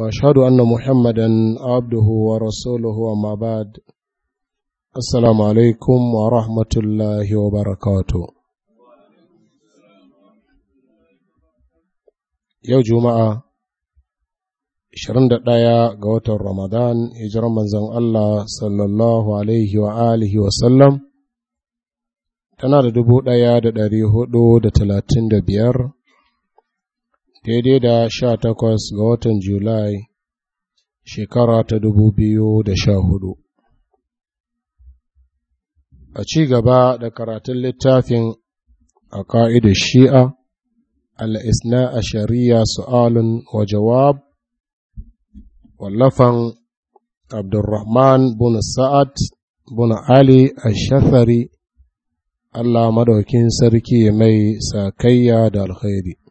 واشهد ان محمدا عبده ورسوله وما بعد السلام عليكم ورحمه الله وبركاته yau juma'a 21 ga watan ramadan hijiran manzon Allah tana da dubu ɗaya da sallam tana da biyar. daidai da sha takwas ga watan Julai shekara ta dubu biyu da sha hudu. A ci gaba da karatun littafin a ƙa'idar shi'a, al'isna a shari'a su'alun wa jawab, wallafan Abdurrahman bin Sa'ad bin Ali a shafari Allah madaukin sarki mai sakayya da alkhairi.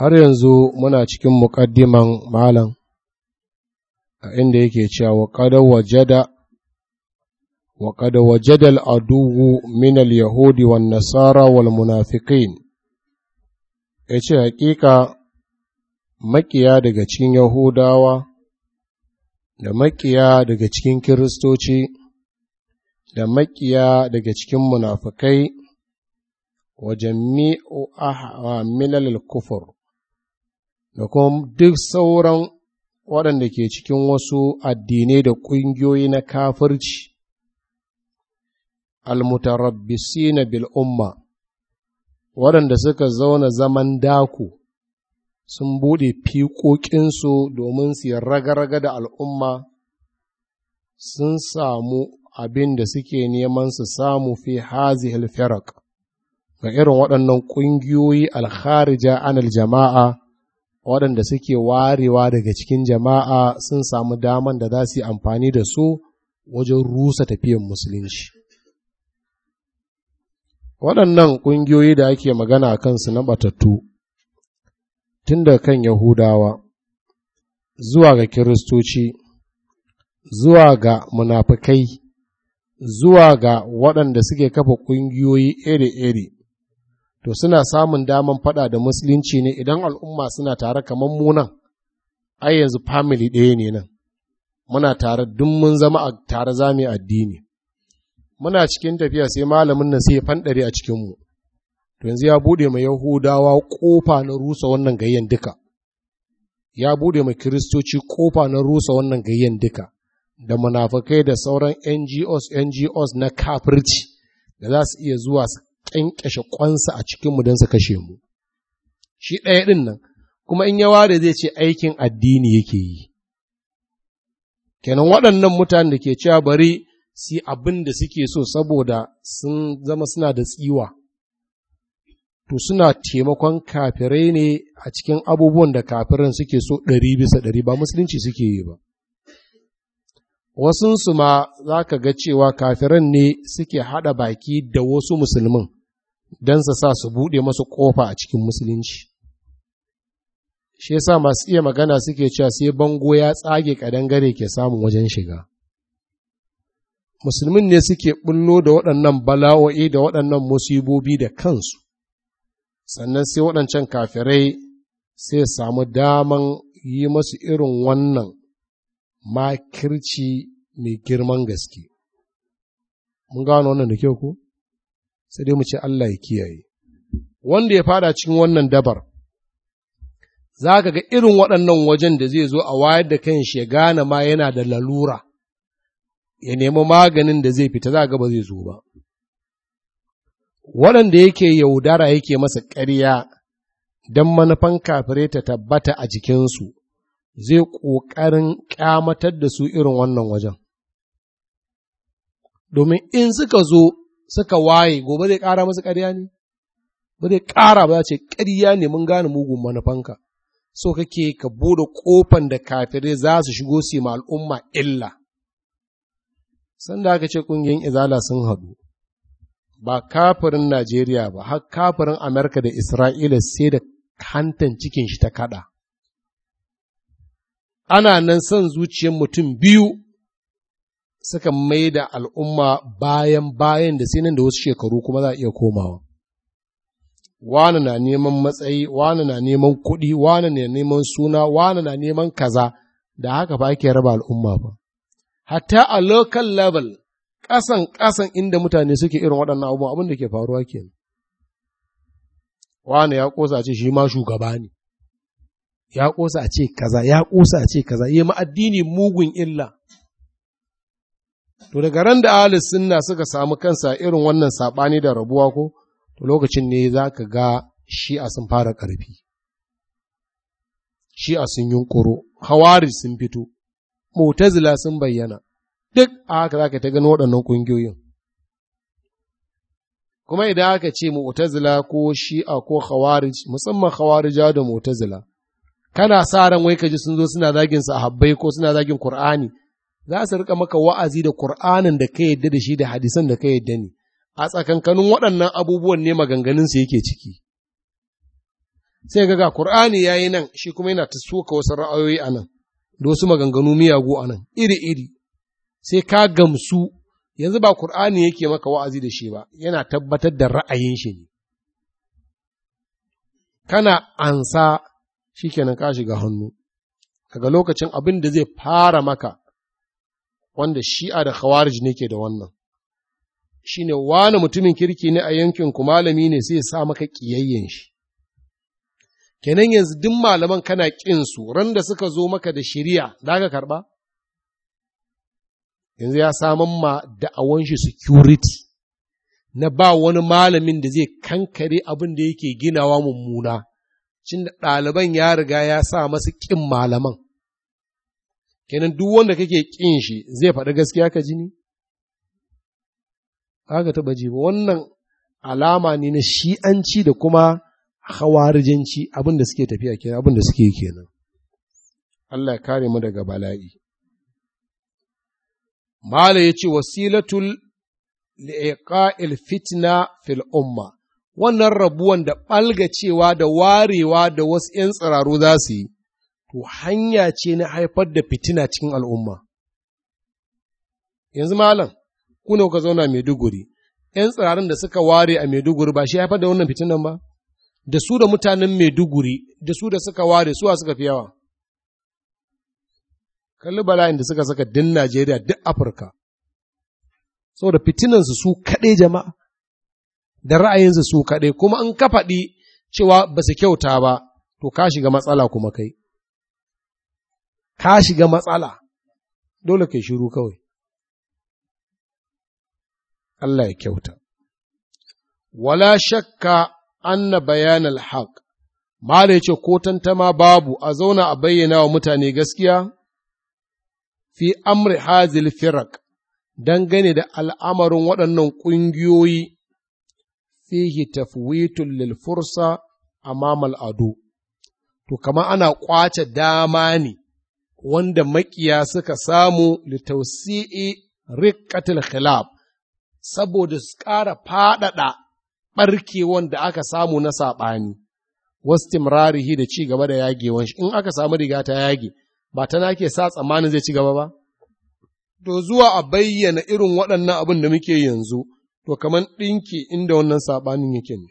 har yanzu muna cikin muƙaddiman malam a inda yake cewa waƙada wajada waƙada wajada al'aduwu min al-yahudi wa nasara wal munafiqin ya ce haƙiƙa maƙiya daga cikin yahudawa da maƙiya daga cikin kiristoci da maƙiya daga cikin munafikai wa jami'u ahwa minal kufur da kuma duk sauran waɗanda ke cikin wasu addinai da ƙungiyoyi na kafirci almutarabbisi na bil'umma waɗanda suka zauna zaman daku sun buɗe fiƙoƙinsu domin su raga-raga da al'umma sun samu abin da suke neman su samu fi hazi ga irin waɗannan ƙungiyoyi alharija anil jama'a waɗanda suke warewa daga cikin jama'a sun samu daman da za su yi amfani da su wajen rusa tafiyan musulunci waɗannan ƙungiyoyi da ake magana kansu na ɓatattu tun da kan yahudawa zuwa ga kiristoci zuwa ga munafukai zuwa ga waɗanda suke kafa ƙungiyoyi iri-iri to suna samun daman fada da musulunci ne idan al'umma suna tare kamar mu nan ai yanzu family ɗaya ne nan muna tare duk mun zama a tare zami addini muna cikin tafiya sai malamin nan sai ya fandare a cikin mu to yanzu ya bude mai yahudawa kofa na rusa wannan gayyan duka ya bude mai kiristoci ƙofa na rusa wannan gayyan duka da munafakai da sauran NGOs NGOs na kafirci da za su iya zuwa su ƙyanƙyashe ƙwansa a cikinmu don su kashe mu. Shi ɗaya ɗin nan, kuma in ya ware zai ce aikin addini yake yi. Kenan waɗannan mutanen da ke cewa bari su abin da suke so saboda sun zama suna da tsiwa. To suna taimakon kafirai ne a cikin abubuwan da kafirin suke so ɗari bisa ɗari ba musulunci suke yi ba. wasunsu ma za ka ga cewa kafiran ne suke haɗa baki da wasu musulmin don su sa su buɗe masu ƙofa a cikin musulunci shi yasa masu iya magana suke cewa sai bango ya tsage ƙadangare ke samun wajen shiga musulmin ne suke ɓullo da waɗannan bala'o'i da waɗannan musibobi da kansu sannan sai waɗancan kafirai sai samu daman yi masu irin wannan makirci mai girman gaske mun gano wannan da kyau ko sai dai mu ce Allah ya kiyaye wanda ya fada cikin wannan dabar za ka ga irin waɗannan wajen da zai zo a wayar da kan shi ya gane ma yana da lalura ya nemi maganin da zai fita za ga ba zai zo ba waɗanda yake yaudara yake masa ƙarya don manufan kafire ta tabbata a jikinsu zai ƙoƙarin ƙyamatar da su irin wannan wajen domin in suka zo suka waye gobe zai ƙara masu ƙarya ne ba zai ƙara ba ce ƙarya ne mun gane mugun manufanka so kake ka bude ƙofan da kafirai za su shigo su ma al'umma illa sanda aka ce ƙungiyar izala sun hadu. ba kafirin Najeriya ba har kafirin Amerika da Isra'ila sai da hantan cikin shi ta kaɗa ana nan son zuciyar mutum biyu suka mai da al'umma bayan bayan da sai nan da wasu shekaru kuma za a iya komawa. Wani na neman matsayi, wani na neman kuɗi, wani na neman suna, wani na neman kaza, da haka ba ake raba al'umma ba. Hatta a local level, ƙasan ƙasan inda mutane suke irin waɗannan abubuwan abin da ke faruwa ke. Wani ya ƙosa ce shi ma shugaba ne, ya ƙosa a ce kaza, ya ƙosa a ce kaza, yi ma addini mugun illa. To daga ran da ahalis sunna suka samu kansa irin wannan saɓani da rabuwa ko, to lokacin ne za ka ga shi'a sun fara ƙarfi. Shi'a sun yunƙuro, hawari sun fito, mutazila sun bayyana, duk a haka za ka ta gani waɗannan ƙungiyoyin. Kuma idan aka ce mu'tazila ko shi'a ko Hawari, musamman khawarija da mu'tazila, kana sa ran wai ka ji sun zo suna zagin sahabbai ko suna zagin Kur'ani za su rika maka wa'azi da Kur'anin da ka yadda da shi da hadisan da ka yadda ne, a tsakankanin waɗannan abubuwan ne maganganunsu yake ciki. Sai ga ga Kur'ani ya yi nan shi kuma yana ta soka wasu ra'ayoyi a nan, da wasu maganganu miyagu a nan, iri-iri, sai ka gamsu yanzu ba Kur'ani yake maka wa'azi da shi ba, yana tabbatar da ra'ayin shi ne. Kana ansa shi kenan ka shiga hannu, daga lokacin abin da zai fara maka wanda shi'a da khawarij ne ke da wannan shi ne wani mutumin kirki ne a yankin ku? malami ne sai sa maka ƙiyayyen shi kenan yanzu duk malaman kana ƙinsu ran da suka zo maka da shiriya da ka karɓa yanzu ya saman ma da'awan shi security na ba wani malamin da zai kankare abin da yake ginawa mummuna cin da ɗaliban ya riga ya sa masu ƙin malaman kenan duk wanda kake kin shi zai faɗi gaskiya ka ji ni taɓa ji wannan alama ne na shi'anci da kuma hawarijanci abin da suke tafiya kenan abin da suke kenan Allah ya kare mu daga bala'i Mala ya ce wasilatul liqa'il fitna fil wannan rabuwan da cewa da warewa da wasu ‘yan tsiraru za su yi, to hanya ce na haifar da fitina cikin al'umma. Yanzu malam, kuna ka zauna Maiduguri, ‘yan tsirarin da suka ware a Maiduguri ba shi haifar da wannan fitinan ba? Da su da mutanen Maiduguri, da su da suka ware, suwa suka fi yawa. Kalli bala'in da suka saka din Najeriya duk Afirka, saboda fitinansu su kaɗai jama'a, da ra'ayinsu su kaɗai, kuma an ka faɗi cewa ba su kyauta ba, to ka shiga matsala kuma kai. ka shiga matsala dole kai shiru kawai Allah ya kyauta wala shakka anna bayanal alhaq, mala yace ko tantama babu a zauna a bayyana wa mutane gaskiya fi amri hazil firak dangane da al'amarin waɗannan ƙungiyoyi fihi Tafwitul lil fursa amamal ado to kama ana ƙwace dama ne wanda makiya suka samu litausi'i riƙatul khilaf saboda su ƙara faɗaɗa ɓarkewan da aka samu na saɓani, wastimrarihi da ci gaba da yagewan shi, in aka samu riga ta yage, ba ta nake sa tsammanin zai ci gaba ba? To zuwa a bayyana irin waɗannan abin da muke yanzu, to kamar ɗinki inda wannan saɓanin yake ne.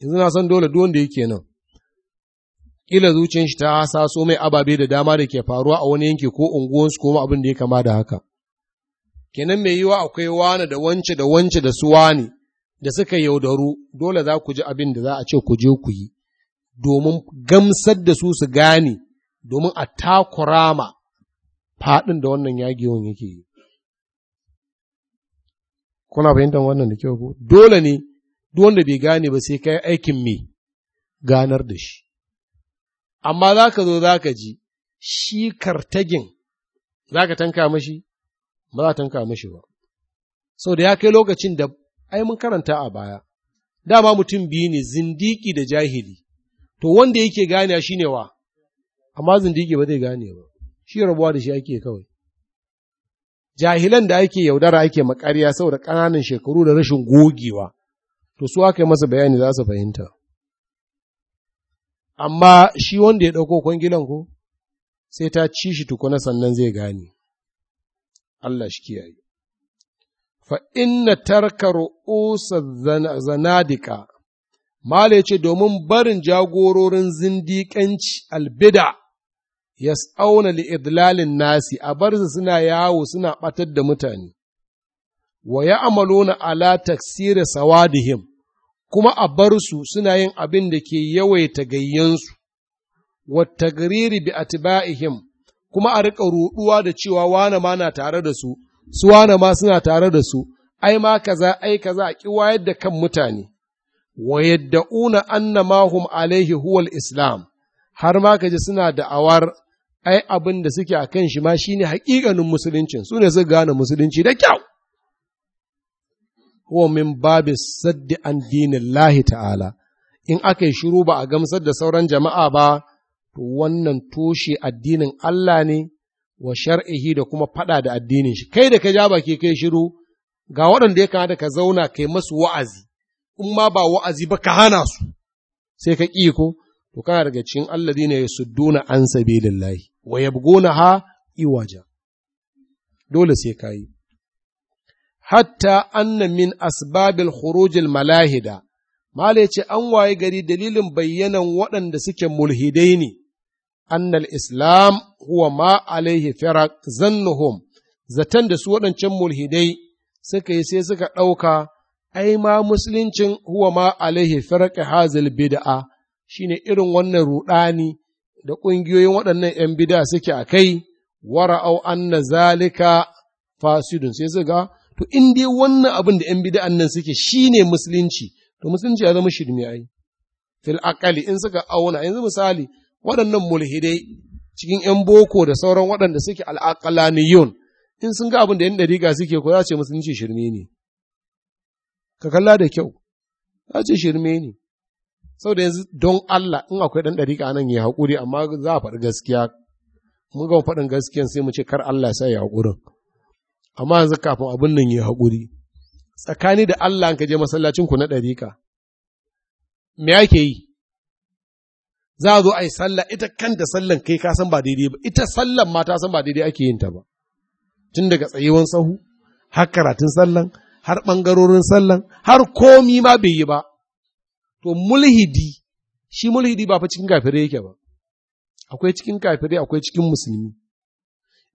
Yanzu na san dole duk wanda yake nan, Ƙila zuciyar shi ta saso mai ababe da dama da ke faruwa a wani yanki ko unguwansu ko abin da ya kama da haka kenan mai yiwa akwai wani da wance da wance da su wani da suka yaudaru dole za ku ji abin da za a ce ku je ku yi domin gamsar da su su gane domin a takurama faɗin da wannan yagewan yake yi kuna fahimtar wannan da kyau ko dole ne duk wanda bai gane ba sai kai aikin mai ganar da shi amma za ka zo za ka ji shi kartagin za ka tanka mashi ba za tanka mashi ba sau da ya kai lokacin da ai mun karanta a baya dama mutum biyu ne zindiki da jahili to wanda yake gane shi ne wa amma zindiki ba zai gane ba shi rabuwa da shi ake kawai jahilan da ake yaudara ake makariya saboda ƙananan shekaru da rashin gogewa to su aka yi masa bayani za su fahimta amma shi wanda ya ɗauko kwangilan ko sai ta ci shi tukuna sannan zai gane Allah shi kiyaye fa inna tarka ru'usa zanadika Mala yace domin barin jagororin zindikanci albida ya tsauna idlalin nasi a barza suna yawo suna ɓatar da mutane, wa ya amalona ala taksiri sawadihim kuma a bar su suna yin abin da ke yawaita gayyansu, wata bi atiba'ihim kuma a riƙa ruɗuwa da cewa wane ma na tare da su, su wane ma suna tare da su, ai ma kaza ai kaza a ƙi wayar da kan mutane, wa yadda'una anna mahum alaihi huwal islam, har ma ka ji suna da'awar ai abin da suke a kan shi ma shine haƙiƙanin musulunci su ne su gane musulunci da kyau. huwa min babi saddi an lahi ta'ala, in aka yi shiru ba a gamsar da sauran jama'a ba, wannan toshe addinin Allah ne wa shar'ihi da kuma faɗa da addinin shi, kai da ka ja baki kai shiru, ga waɗanda ya kamata ka zauna kai masu wa'azi, in ma ba wa'azi ba ka hana su, sai ka ƙi ko, to kana daga cikin Allah ne ya sudduna an sabilillahi, wa yabgona ha iwaja, dole sai ka yi. hatta anna min asbabil khurujil malahida mala yace an waye gari dalilin bayyanan waɗanda suke mulhidai ne annal islam huwa ma alaihi firaq zannuhum zaton da su waɗancan mulhidai suka yi sai suka ɗauka ai ma musuluncin huwa ma alaihi firaq hazil bid'a shine irin wannan ruɗani da ƙungiyoyin waɗannan ‘yan bida suke a kai, wara'au anna zalika fasidun sai su ga to in dai wannan abin da ‘yan bida'an nan suke shi ne musulunci, to musulunci ya zama shirme ai, fil akali in suka auna, yanzu misali waɗannan mulhidai cikin ‘yan boko da sauran waɗanda suke al'akalaniyun, in sun ga abin da ‘yan dariga suke ko za ce musulunci shirme ne, ka kalla da kyau, za ce shirme ne. Sau da yanzu don Allah in akwai ɗan dariga nan ya haƙuri amma za a faɗi gaskiya, mun ga faɗin gaskiya sai mu ce kar Allah sai ya haƙurin. amma yanzu kafin abin nan ya haƙuri tsakani da Allah ka je masallacinku na ɗarika me ake yi za a zo a yi sallah ita kanta sallan kai ka san ba daidai ba ita sallan ma ta san ba daidai ake yin ta ba tun daga tsayewan sahu har karatun sallan har ɓangarorin sallan har komi ma bai yi ba to mulhidi shi mulhidi ba fa cikin kafirai yake ba akwai cikin kafirai akwai cikin musulmi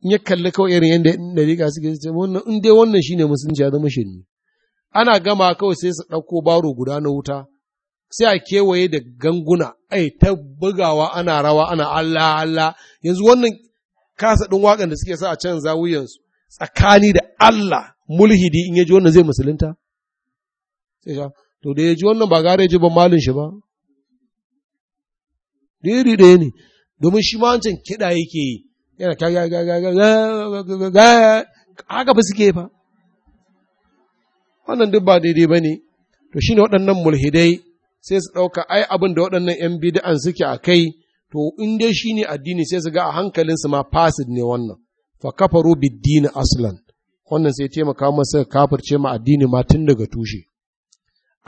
ya kalli kawai irin yadda ɗariƙa suke ce wannan in dai wannan shine musulunci ya zama shirme ana gama kawai sai su ɗauko baro guda na wuta sai a kewaye da ganguna ai ta bugawa ana rawa ana Allah Allah yanzu wannan kasa ɗin waƙan da suke sa a can zawuyansu tsakani da Allah mulhidi in ya ji wannan zai musulunta sai to da ya ji wannan ba gare ya ji ban malin shi ba ɗiri ɗaya ne domin shi ma wancan kiɗa yake yi yana ta haka ba suke fa wannan duk ba daidai ba ne to shi ne waɗannan mulhidai sai su ɗauka ai abin da waɗannan ‘yan bid'an suke a kai to in dai shi ne addini sai su ga a hankalinsu ma fasid ne wannan fa kafaru biddini aslan wannan sai taimaka masa kafirce ma addini ma tun daga tushe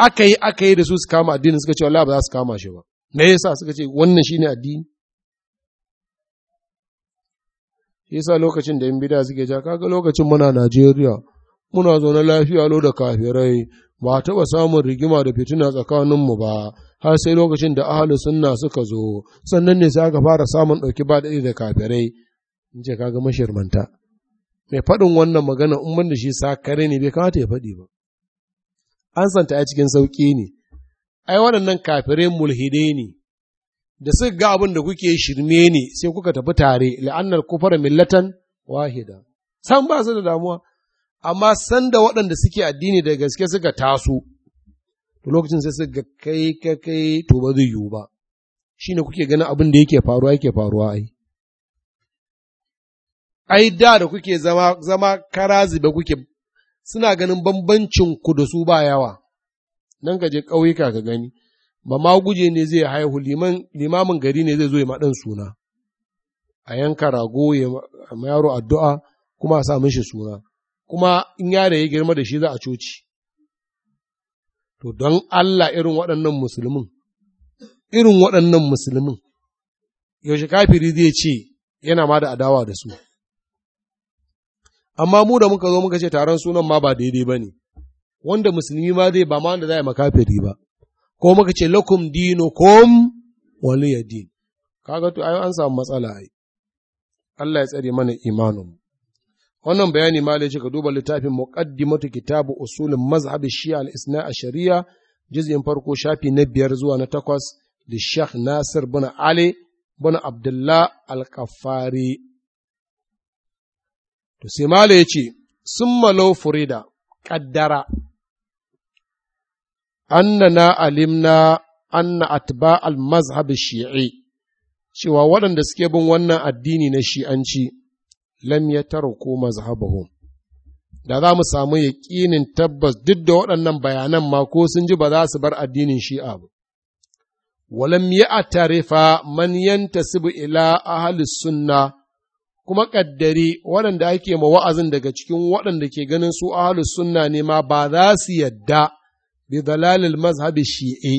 aka yi aka yi da su su kama addini suka ce wala ba za su kama shi ba me yasa suka ce wannan shine addini yasa lokacin da yin bida suke ja kaga lokacin muna Najeriya muna zaune lafiya lo da kafirai ba a taba samun rigima da fitina mu ba har sai lokacin da ahalu sunna suka zo sannan ne sai aka fara samun ɗauki ba daɗi da kafirai in ce kaga mashirmanta mai faɗin wannan magana in ban da shi sakare ne bai kamata ya faɗi ba an santa a cikin sauki ne ai waɗannan kafirai mulhidai ne da suka ga abin da kuke shirme ne sai kuka tafi tare la'annar kufar millatan wahida san ba su da damuwa amma san da waɗanda suke addini da gaske suka taso to lokacin sai suka kai ka kai to ba zai yiwu ba shine kuke ganin abin da yake faruwa yake faruwa ai ai da da kuke zama zama karazi ba kuke suna ganin bambancin ku da su ba yawa nan ka je ƙauyuka ka gani ba ma guje ne zai haihu limamin gari ne zai zo ya maɗan suna a yanka rago ya mayaro addu'a kuma a sa shi suna kuma in yare ya girma da shi za a coci to don Allah irin waɗannan musulmin irin waɗannan musulmin yaushe kafiri zai ce yana ma da adawa da su amma mu da muka zo muka ce taron sunan ma ba daidai ba ne wanda musulmi ma zai ba ma wanda za a yi makafiri ba ko muka ce lakum wani ya din kaga to ai an samu matsala ai Allah ya tsare mana imanin wannan bayani malai ce ka duba littafin muqaddimatu kitabu usulul mazhab shi'a al-isna shari'a juz'in farko shafi na biyar zuwa na takwas da Sheikh Nasir bin Ali bin Abdullah al-Qaffari to sai malai ya ce summa law furida qaddara annana alimna anna أتباع al الشيعي cewa waɗanda suke bin wannan addini na shi'anci lam yatarku mazhabahum da za mu samu yaƙinin tabbas duk da waɗannan bayanan ma ko sun ji ba za su bar addinin shi'a ba walam ya'tarifa man yantasibu ila ahli sunna kuma ƙaddari waɗanda ake ma wa'azin daga cikin waɗanda ke ganin su ahalus sunna ne ma ba za su yadda bi dalalil mazhabi shi'i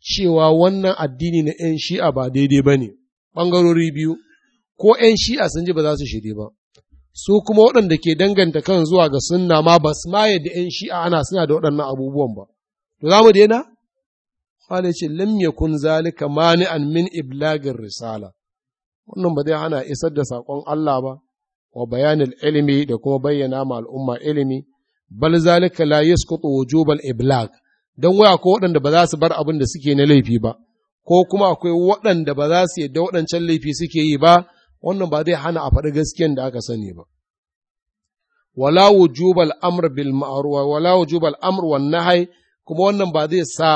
cewa wannan addini na ‘yan shi'a ba daidai ba ne, ɓangarori biyu, ko ‘yan shi'a sun ji ba za su shirye ba, su kuma waɗanda ke danganta kan zuwa ga sunna ma ba su ma yadda ‘yan shi'a ana suna da waɗannan abubuwan ba. To za mu daina? Kwale ce, lam kun zalika an min iblagin risala. Wannan ba zai hana isar da saƙon Allah ba, wa bayanin ilimi da kuma bayyana ma al'umma ilimi, bal zalika la yasqutu wujubal iblag dan waya ko waɗanda ba za su bar abin da suke na laifi ba ko kuma akwai waɗanda ba za su yadda waɗancan laifi suke yi ba wannan ba zai hana a faɗi gaskiyar da aka sani ba wala wujubal amr bil ma'ruf wala wujubal amr wan nahy kuma wannan ba zai sa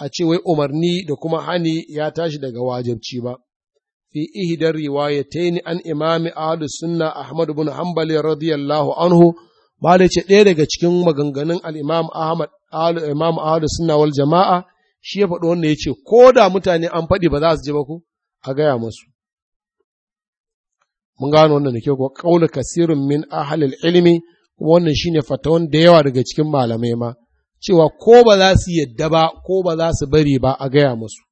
a ce wai umarni da kuma hani ya tashi daga wajibci ba fi ihdar riwayatayn an imami ahlus sunna ahmad ibn hanbali radiyallahu anhu Mala ce ɗaya daga cikin maganganun al'imam Ahmad, al'imam Ahmad suna wal jama'a, shi ya faɗi wanda ya ce, ko da mutane an faɗi ba za su ji ba ku, a gaya masu. Mun gano wannan da ke kuwa ƙaula kasirin min ahalil ilimi, kuma wannan shi ne fatawan da yawa daga cikin malamai ma, cewa ko ba za su yadda ba, ko ba za su bari ba a gaya masu.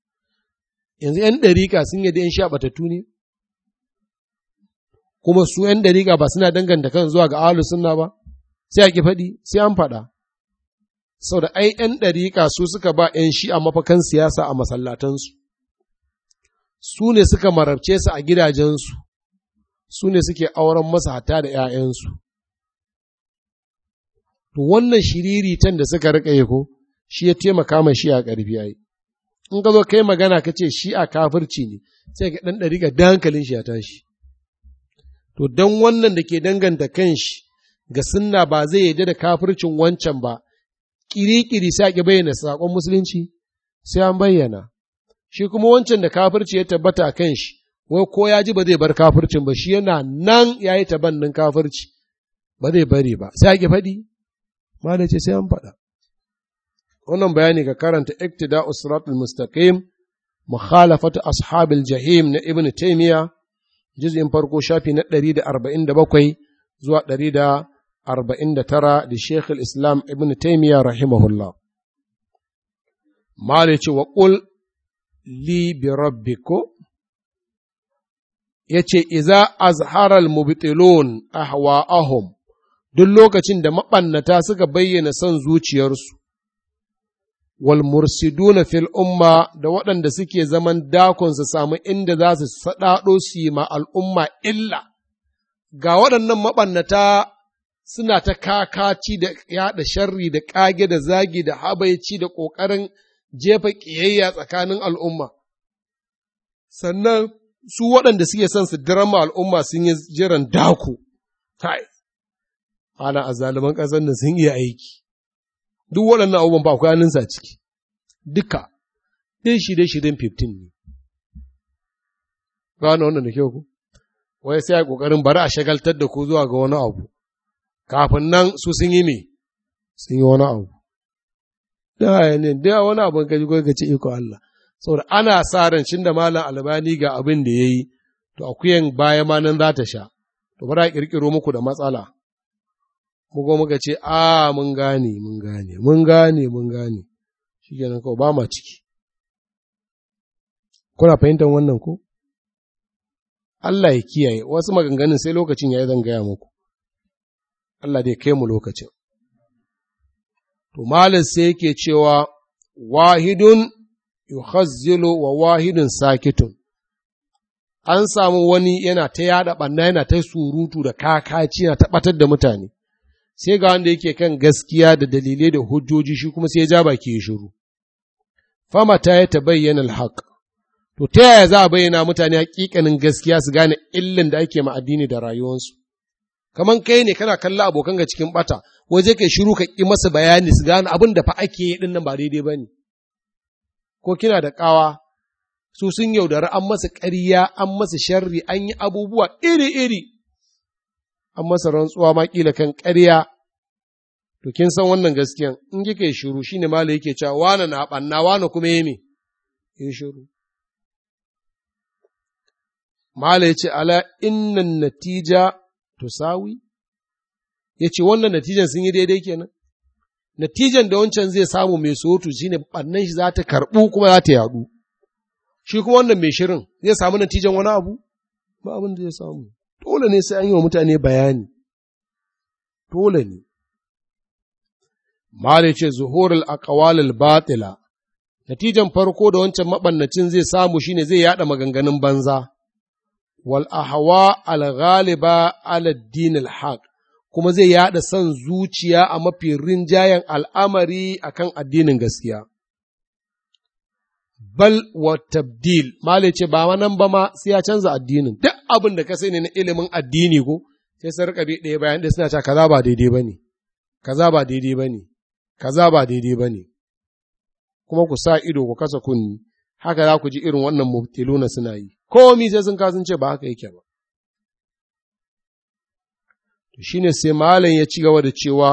Yanzu ‘yan ɗarika sun yadda ‘yan sha ne? Kuma su ‘yan ɗarika ba suna danganta kan zuwa ga ahalus sunna ba? sai a ki faɗi sai an faɗa sau da ai ‘yan ɗariƙa su suka ba ‘yan shi a mafakan siyasa a masallatansu su ne suka marabce su a gidajensu su ne suke auren masa hata da ‘ya'yansu to wannan tan da suka rika yi ko shi ya taimaka ma shi a ƙarfi yi in ka zo kai magana ka ce shi a kafirci ne sai ka ɗan ɗari da dankalin shi ya tashi to don wannan da ke danganta kan shi ga sunna ba zai yarda da kafircin wancan ba kirikiri sai ake bayyana sakon musulunci sai an bayyana shi kuma wancan da kafirci ya tabbata a kan shi wai ko ya ji ba zai bar kafircin ba shi yana nan ya yi tabannin kafirci ba zai bari ba sai ake faɗi malai ce sai an faɗa wannan bayani ga karanta iktida usratul mustaqim mukhalafatu ashabil jahim na ibn taymiya juz'in farko shafi na 147 zuwa 100 arba'in da tara da Sheikh Islam Ibn Taymiyyah rahimahullah. Mali ce wa ƙul li bi rabbiko, ya Iza azharal mubitilun ahwa'ahum duk lokacin da maɓannata suka bayyana son zuciyarsu, wal mursiduna fil'umma umma da waɗanda suke zaman dakon su samu inda za su saɗaɗo su yi ma al'umma illa, ga waɗannan maɓannata suna ta kakaci da yada sharri da kage, da zagi da habaici da ƙoƙarin jefa ƙiyayya tsakanin al'umma. Sannan su waɗanda suke son su drama al'umma sun yi jiran dako, tai, ana a zaluman ƙasar nan sun iya aiki, duk waɗannan abubuwan ba sa ciki, duka, ɗin shirye-shiryen 15 ne. Gano wannan da kyau ku? Wai sai a ƙoƙarin bari a shagaltar da ku zuwa ga wani abu. kafin nan su sun yi me sun yi wani abu da ne da wani abin gaji ko ka ce iko Allah saboda ana sa ran shin da malam albani ga abin da yayi to akuyan baya ma nan za ta sha to bara kirkiro muku da matsala mu go muka ce a mun gane mun gane mun gane mun gane shikenan kawai ba ma ciki kuna fahimtar wannan ko Allah ya kiyaye wasu maganganun sai lokacin yayi zan gaya muku Allah dai kai mu lokacin. To, Malam sai yake cewa, wahidun yuhazzilu wa wahidun sakitun, an samu wani yana ta yada ɓanna yana ta surutu da kakaci yana ɓatar da mutane, sai ga wanda yake kan gaskiya da dalilai da hujjoji shi kuma sai ya ja baki ya shiru. Fama ta ya ta bayyana alhaq. To, ta yaya za a bayyana mutane hakikanin gaskiya su gane illin da ake ma addini da rayuwarsu? kaman kai ne kana kalla abokan ga cikin bata waje kai shiru ka ki masa bayani su gane abin da fa ake yi din nan ba daidai bane ko kina da kawa su sun yaudari an masa ƙarya an masa sharri an yi abubuwa iri-iri an masa rantsuwa ma kila kan ƙarya to kin san wannan gaskiyan in kika yi shiru shine malai yake cewa wana na banna wani kuma yeme yin shiru malai ce ala innan natija to sawi ya ce wannan natijan sun yi daidai kenan natijan da wancan zai samu mai sotu shine bannan shi za ta karɓu kuma za ta yaɗu shi kuma wannan mai shirin zai samu natijan wani abu ba abin da zai samu dole ne sai an yi wa mutane bayani dole ne Mare ce zuhurul aqwalil batila natijan farko da wancan mabannacin zai samu shine zai yada maganganun banza wal ahwa al ghaliba ala din al haq kuma zai yada son zuciya a mafi rinjayen al'amari akan addinin gaskiya bal wa tabdil malai ce ba nan ba ma sai ya canza addinin duk abin da ka sani na ilimin addini ko sai sun rika ɗaya bayan da suna cewa kaza ba daidai bane kaza ba daidai bane kaza ba daidai bane kuma ku sa ido ku kasa kunni haka za ku ji irin wannan mubtiluna suna yi komi sai sun kasance ce ba haka yake ba. To shi ne sai malam ya ci gaba da cewa,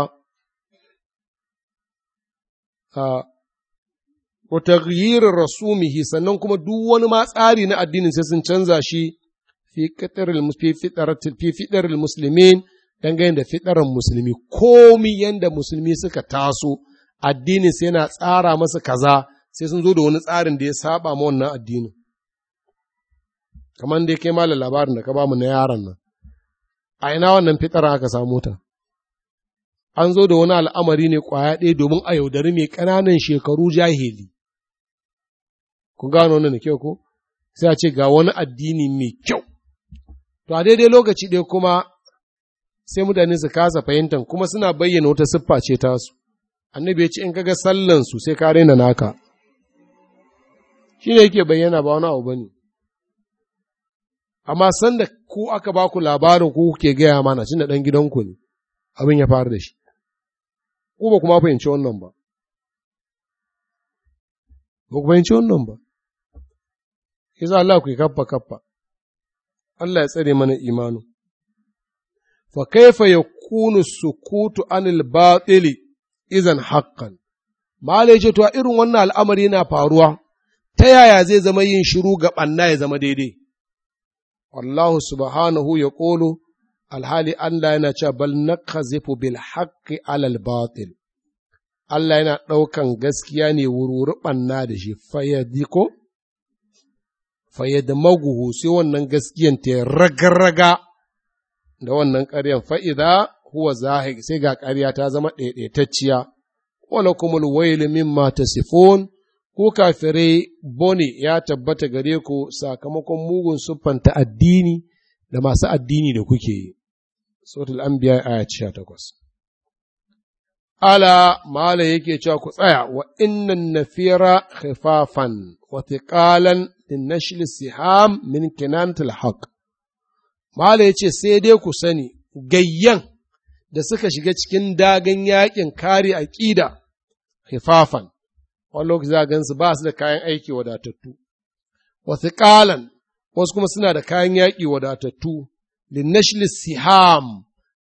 wa taghyirin rasumihi sannan kuma duk wani ma tsari na addinin sai sun canza shi fi fitaril musulmin dangane da fitarar musulmi komi yadda musulmi suka taso addinin sai yana tsara masa kaza sai sun zo da wani tsarin da ya saba ma wannan addinin kamar da kai malam labarin da ka ba mu na yaron nan a ina wannan fitara aka samu ta an zo da wani al'amari ne kwaya ɗaya domin a yaudari mai ƙananan shekaru jahili Ku gano wannan kyau ko sai a ce ga wani addini mai kyau to a daidai lokaci ɗaya kuma sai mutane su kasa fahimtar kuma suna bayyana wata siffa ce tasu annabi ya ce in kaga sallan su sai ka raina naka shi ne yake bayyana ba wani abu bane amma sanda ku aka ba ku labarin ku kuke gaya mana cin da ɗan gidanku ne abin ya faru da shi ku ba kuma fahimci wannan ba ba ku fahimci wannan ba za Allah ku yi kaffa kaffa Allah ya tsare mana imanu fa kaifa kunu sukutu anil batili izan haqqan malai ce to irin wannan al'amari yana faruwa ta yaya zai zama yin shiru ga ɓanna ya zama daidai wallahu subhanahu ya ƙolo alhali Allah yana cewa bal zafi bil haqqi alal batil Allah yana ɗaukan gaskiya ne wururu na da shi fayyadi ko maguhu sai wannan gaskiyan ta raga-raga da wannan ƙaryan fa'ida huwa zahir sai ga ƙarya ta zama ɗaiɗaitacciya wala kuma min mimma tasifun ku kafirai bone ya tabbata gare ku sakamakon mugun siffanta addini da masu addini da kuke yi. Sautul Anbiya aya sha takwas. Ala mala yake cewa ku tsaya wa innan nafira khifafan wa tiqalan din nashil siham min kinantil haq. Mala yace sai dai ku sani gayyan da suka shiga cikin dagan yakin kare aqida khifafan wani lokaci za gansu ba su da kayan aiki wadatattu wasu kalan wasu kuma suna da kayan yaƙi wadatattu linnashli siham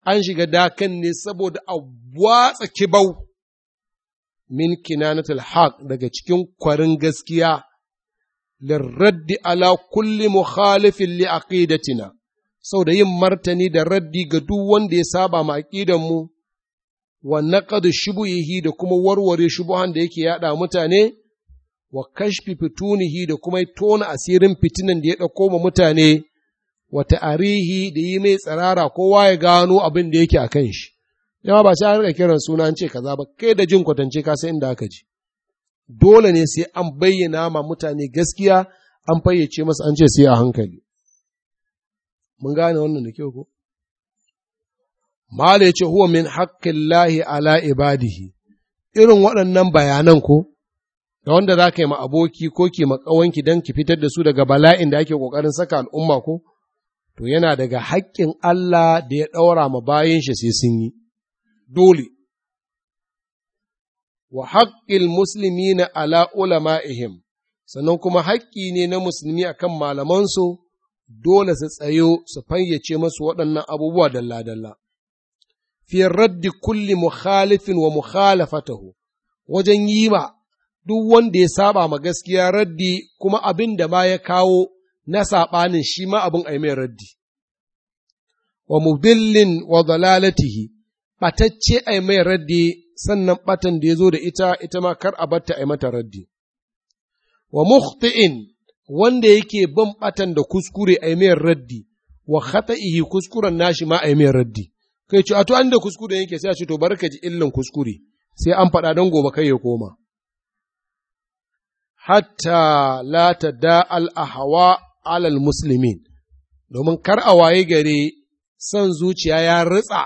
an shiga dakan ne saboda a watsa kibau min kinanatul haq daga cikin kwarin gaskiya lirraddi ala kulli mukhalifin li aqidatina sau da yin martani da raddi ga duk wanda ya saba ma mu. Wanne naqadu shubuhihi da kuma warware shubuhan da yake yada mutane wa kashfi fitunihi da kuma tona asirin fitinan da ya ɗauko ma mutane wa arihi da yi mai tsarara kowa ya gano abin da yake kan shi yawa ba sai an kiran suna an ce kaza ba kai da jin kwatance ka sai inda aka ji dole ne sai an bayyana ma mutane gaskiya an fayyace masa an ce sai a hankali mun gane wannan da kyau ko Mala ya ce, huwa min haƙƙin lahi ala ibadihi, irin waɗannan bayanan ko, da wanda za ka yi ma aboki ko ki ma ƙawanki don ki fitar da su daga bala'in da ake ƙoƙarin saka al'umma ko, to yana daga haƙƙin Allah da ya ɗaura ma bayan shi sai sun yi, dole. Wa haƙƙin musulmi na ala ihim sannan kuma haƙƙi ne na musulmi akan malamansu dole su tsayo su fayyace masu waɗannan abubuwa dalla-dalla. fi raddi kulli mukhalifin wa mukhalafatahu wajen yi ma duk wanda ya saba ma gaskiya raddi kuma abin da ma ya kawo na saɓanin shi ma abin a mai raddi. Wa mubillin wa dalalatihi ɓatacce a mai raddi sannan ɓatan da ya zo da ita ita ma kar a batta a mata raddi. Wa muhtiin wanda yake bin ɓatan da kuskure a mai raddi, wa khata'ihi kuskuren nashi ma a mai raddi. kai ce a to an da kuskure yake sai a ce to bari ka ji illan kuskure sai an faɗa don gobe kai ya koma hatta la ta da al'ahawa alal muslimin domin kar a waye gare san zuciya ya ritsa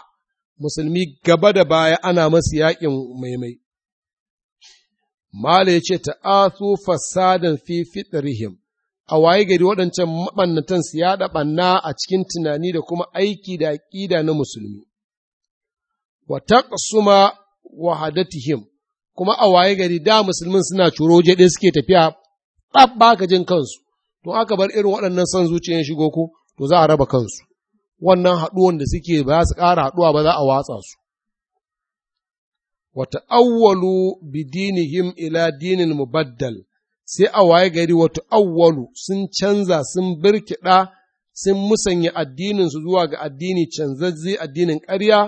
musulmi gaba da baya ana masu yaƙin maimai. Mala ya ce, ta'asu fasadan fi fitrihim a waye gari waɗancan maɓannatan su yaɗa ɓanna a cikin tunani da kuma aiki da ƙida na musulmi. Wa taqsuma wahadatihim kuma a waye gari da musulmin suna curo je ɗin suke tafiya ɗab ba ka jin kansu, to aka bar irin waɗannan son zuciyan shigo ko to za a raba kansu. Wannan haɗuwan da suke ba su ƙara haɗuwa ba za a watsa su. Wata awwalu bidinihim ila dinin mubaddal. sai a waye gari wato awwalu sun canza sun birkiɗa sun musanya addininsu zuwa ga addini canzazze addinin ƙarya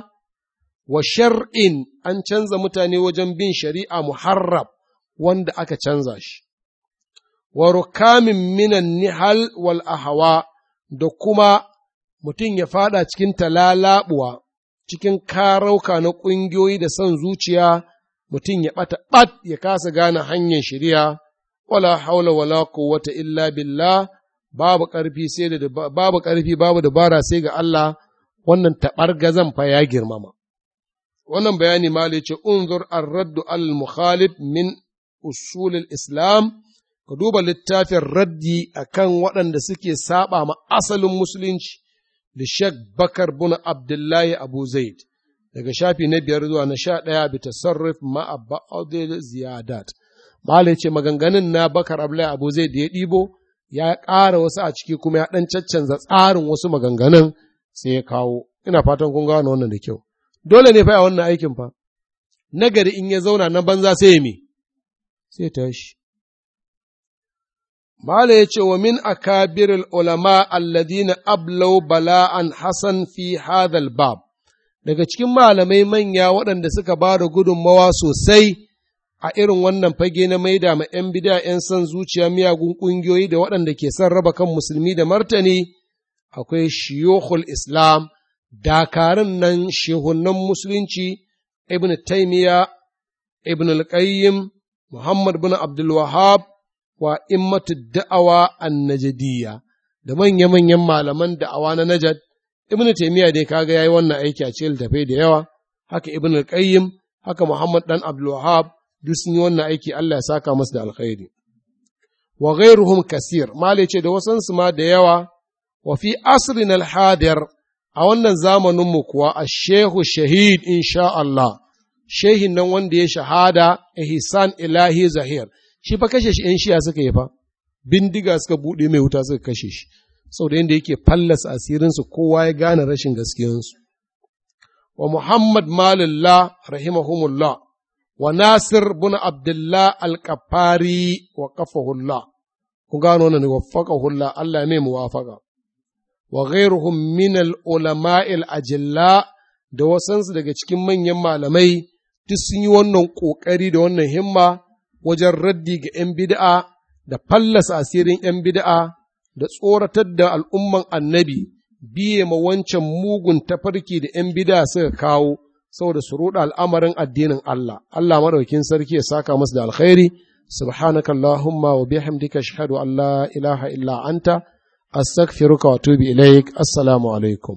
wa shar'in an canza mutane wajen bin shari'a muharrab wanda aka canza shi wa rukamin minan nihal wal ahawa da kuma mutum ya fada cikin talalabuwa cikin karauka na ƙungiyoyi da son zuciya mutum ya ɓata ɓat ya kasa gane hanyar shari'a wala haula wala quwwata illa billah babu ƙarfi sai da babu ƙarfi babu dabara sai ga Allah wannan zan fa ya girmama wannan bayani ma ce unzur ar-radd al-mukhalif min usul islam ka duba littafin raddi akan waɗanda suke saba ma asalin musulunci da Sheikh Bakar bin Abdullahi Abu Zaid daga shafi na biyar zuwa na sha ɗaya bi tasarruf ma ba'd ziyadat Malam ce maganganun na Bakar Abdullahi Abu Zaid da ya ɗibo ya ƙara wasu a ciki kuma ya ɗan caccanza tsarin wasu maganganun sai ya kawo. Ina fatan kun gano wannan da kyau. Dole ne fa a wannan aikin fa. Nagari in ya zauna na banza sai ya me? Sai ya tashi. Malam ya ce wa min akabirul ulama alladina ablau bala'an Hassan fi hadal bab, daga cikin malamai manya waɗanda suka ba da gudunmawa sosai a irin wannan fage na maida ma ‘yan bida ‘yan son zuciya miyagun ƙungiyoyi da waɗanda ke son raba kan musulmi da martani, akwai shiyohul Islam, dakarun nan shehunan musulunci, Ibn Taymiya, Ibn Alƙayyim, Muhammad bin Abdul Wahab, wa immatu da'awa annajadiyya da manya-manyan malaman da'awa na Najad, Ibn Taymiya dai kaga ya yi wannan aiki a cikin da yawa, haka Ibn haka Muhammad dan Abdul Wahab, duk sun yi wannan aiki Allah ya saka masu da alkhairi wa ghairuhum kasir mal ce da wasansu ma da yawa wa fi asrin alhadir a wannan zamanin mu kuwa a shehu shahid insha Allah shehin nan wanda ya shahada ihsan ilahi zahir shi fa kashe shi yan shiya suka yi fa bindiga suka bude mai wuta suka kashe shi saboda yadda yake fallasa asirin su kowa ya gane rashin gaskiyansu wa Muhammad Malillah rahimahumullah wa Nasir bin Abdullah القفاري وقفه الله كغانو kun gano الله ne waffaqahulla Allah mai muwafaqa wa ajilla da wasansu daga cikin manyan malamai duk sun yi wannan ƙoƙari da wannan himma wajen raddi ga 'yan bid'a da fallasa asirin 'yan bid'a da tsoratar da al'umman annabi biye ma wancan mugun tafarki da ‘yan bida suka kawo saboda su ruɗa al'amarin addinin Allah Allah madaukin sarki ya saka musu da alkhairi subhanaka allahumma wa bihamdika ashhadu an Allah, ilaha illa anta astaghfiruka wa tubi ilaik assalamu alaikum